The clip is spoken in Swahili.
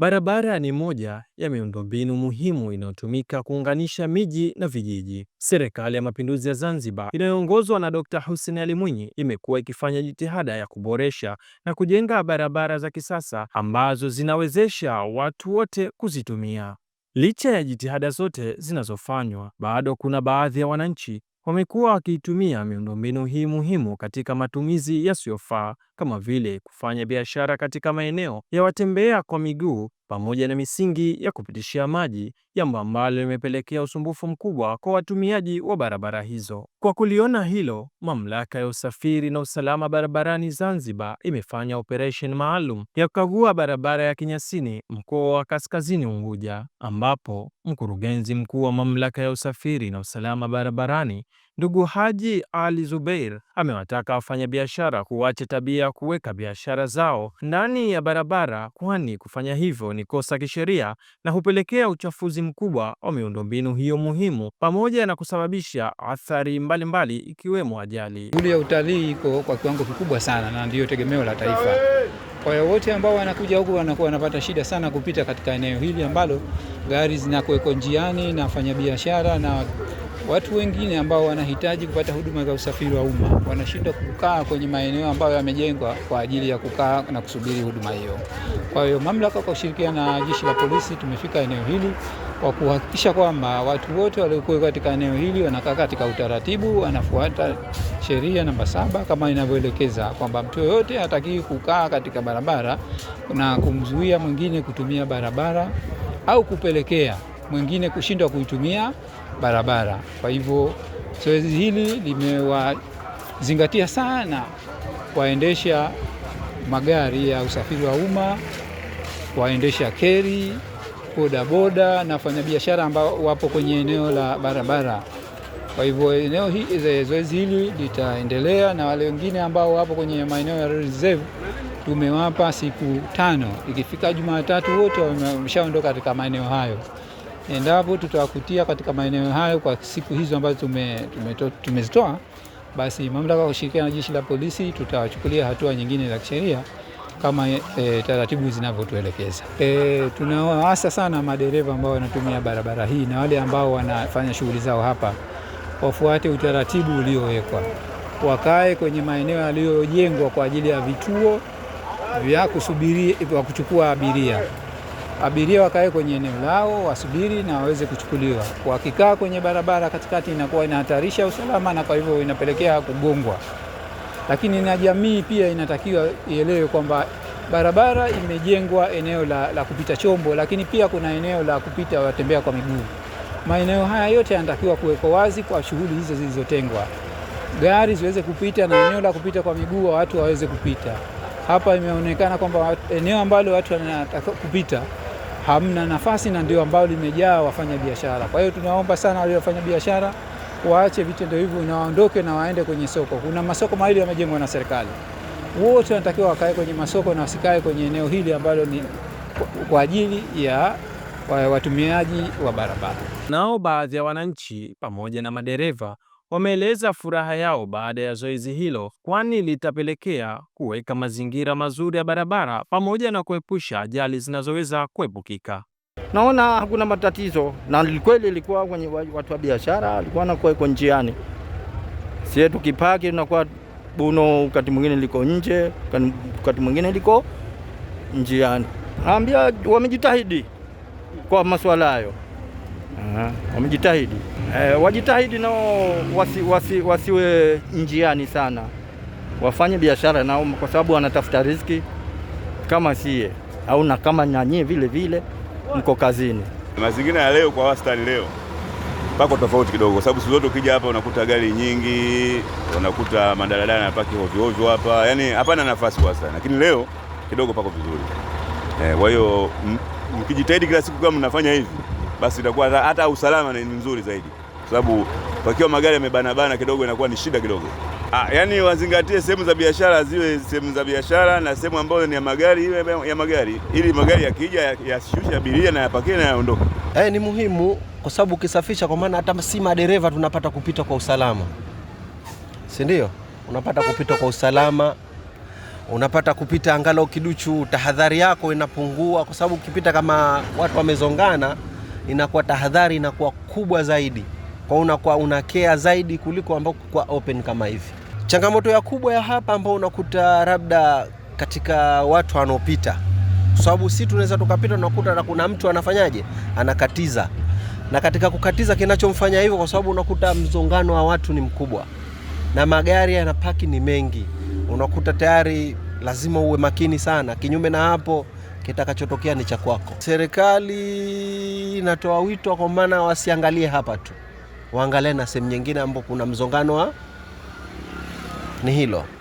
Barabara ni moja ya miundombinu muhimu inayotumika kuunganisha miji na vijiji. Serikali ya Mapinduzi ya Zanzibar inayoongozwa na Dkt. Hussein Ali Mwinyi imekuwa ikifanya jitihada ya kuboresha na kujenga barabara za kisasa ambazo zinawezesha watu wote kuzitumia. Licha ya jitihada zote zinazofanywa, bado kuna baadhi ya wananchi wamekuwa wakiitumia miundombinu hii muhimu katika matumizi yasiyofaa kama vile kufanya biashara katika maeneo ya watembea kwa miguu pamoja na misingi ya kupitishia maji, jambo ambalo limepelekea usumbufu mkubwa kwa watumiaji wa barabara hizo. Kwa kuliona hilo, mamlaka ya usafiri na usalama barabarani Zanzibar imefanya operesheni maalum ya kukagua barabara ya Kinyasini mkoa wa Kaskazini Unguja, ambapo mkurugenzi mkuu wa mamlaka ya usafiri na usalama barabarani ndugu Haji Ali Zubeir amewataka wafanyabiashara kuacha tabia ya kuweka biashara zao ndani ya barabara, kwani kufanya hivyo ni kosa kisheria na hupelekea uchafuzi mkubwa wa miundombinu hiyo muhimu pamoja na kusababisha athari mbalimbali ikiwemo ajali. Shughuli ya utalii iko kwa kiwango kikubwa sana na ndiyo tegemeo la taifa. Kwa hiyo wote ambao wanakuja huku wanakuwa wanapata shida sana kupita katika eneo hili ambalo gari zinakuweko njiani na wafanyabiashara na watu wengine ambao wanahitaji kupata huduma za usafiri wa umma wanashindwa kukaa kwenye maeneo ambayo yamejengwa kwa ajili ya kukaa na kusubiri huduma hiyo. Kwa hiyo mamlaka kwa kushirikiana na jeshi la polisi tumefika eneo hili kwa kuhakikisha kwamba watu wote waliokuwa katika eneo hili wanakaa katika utaratibu, wanafuata sheria namba saba kama inavyoelekeza kwamba mtu yoyote hatakiwi kukaa katika barabara na kumzuia mwingine kutumia barabara au kupelekea mwingine kushindwa kuitumia barabara. Kwa hivyo zoezi hili limewazingatia sana waendesha magari ya usafiri wa umma, waendesha keri bodaboda na wafanyabiashara ambao wapo kwenye eneo la barabara. Kwa hivyo eneo hili, zoezi hili litaendelea, na wale wengine ambao wapo kwenye maeneo ya reserve tumewapa siku tano. Ikifika Jumatatu wote wameshaondoka katika maeneo hayo. Endapo tutawakutia katika maeneo hayo kwa siku hizo ambazo tumezitoa tume, tume basi mamlaka ya kushirikiana na jeshi la polisi tutawachukulia hatua nyingine za kisheria kama e, taratibu zinavyotuelekeza. E, tunawaasa sana madereva ambao wanatumia barabara hii na wale ambao wanafanya shughuli zao hapa wafuate utaratibu uliowekwa, wakae kwenye maeneo yaliyojengwa kwa ajili ya vituo vya kusubiri vya kuchukua abiria. Abiria wakae kwenye eneo lao wasubiri na waweze kuchukuliwa. Wakikaa kwenye barabara katikati, inakuwa inahatarisha usalama na kwa hivyo inapelekea kugongwa lakini na jamii pia inatakiwa ielewe kwamba barabara imejengwa eneo la, la kupita chombo, lakini pia kuna eneo la kupita watembea kwa miguu. Maeneo haya yote yanatakiwa kuwekwa wazi kwa shughuli hizo zilizotengwa, gari ziweze kupita na eneo la kupita kwa miguu wa watu waweze kupita. Hapa imeonekana kwamba eneo ambalo watu wanataka kupita hamna nafasi, na ndio ambalo limejaa wafanya biashara. Kwa hiyo tunaomba sana wale wafanya biashara waache vitendo hivyo na waondoke na waende kwenye soko. Kuna masoko mawili yamejengwa na serikali, wote wanatakiwa wakae kwenye masoko na wasikae kwenye eneo hili ambalo ni kwa ajili ya watumiaji wa barabara. Nao baadhi ya wananchi pamoja na madereva wameeleza furaha yao baada ya zoezi hilo, kwani litapelekea kuweka mazingira mazuri ya barabara pamoja na kuepusha ajali zinazoweza kuepukika naona hakuna matatizo, na kweli ilikuwa kwenye watu wa biashara alikuwa anakuwa iko njiani, sie tukipaki tunakuwa Buno, wakati mwingine liko nje, wakati mwingine liko njiani. Naambia wamejitahidi kwa masuala hayo, wamejitahidi e, wajitahidi nao wasi, wasi, wasiwe njiani sana, wafanye biashara nao, kwa sababu wanatafuta riziki kama sie au na kama nanyie vile vile mko kazini. Mazingira ya leo kwa wastani leo pako tofauti kidogo, kwa sababu siku zote ukija hapa unakuta gari nyingi, unakuta madaladala napaki hovyo hovyo hapa, yaani hapana nafasi kwa sana, lakini leo kidogo pako vizuri. Eh, kwa hiyo mkijitahidi kila siku kama mnafanya hivi, basi itakuwa hata usalama ni mzuri zaidi, kwa sababu pakiwa magari yamebanabana kidogo inakuwa ni shida kidogo. Ah, yani wazingatie sehemu za biashara ziwe sehemu za biashara na sehemu ambayo ni ya magari iwe ya magari, ili magari yakija yashushe abiria na yapakie na yaondoke. Eh, ni muhimu kwa sababu ukisafisha, kwa maana hata si madereva tunapata kupita kwa usalama, si ndio? Unapata kupita kwa usalama, unapata kupita angalau kiduchu, tahadhari yako inapungua, kwa sababu ukipita kama watu wamezongana, inakuwa tahadhari inakuwa kubwa zaidi, kwa unakuwa unakea zaidi kuliko ambao kwa open kama hivi. Changamoto ya kubwa ya hapa ambao unakuta labda katika watu wanaopita, kwa sababu si tunaweza tukapita tunakuta na kuna mtu anafanyaje, anakatiza, na katika kukatiza kinachomfanya hivyo, kwa sababu unakuta mzongano wa watu ni mkubwa na magari yanapaki ni mengi, unakuta tayari lazima uwe makini sana. Kinyume na hapo, kitakachotokea ni cha kwako. Serikali inatoa wito kwa maana wasiangalie hapa tu, waangalie na sehemu nyingine ambapo kuna mzongano wa ni hilo.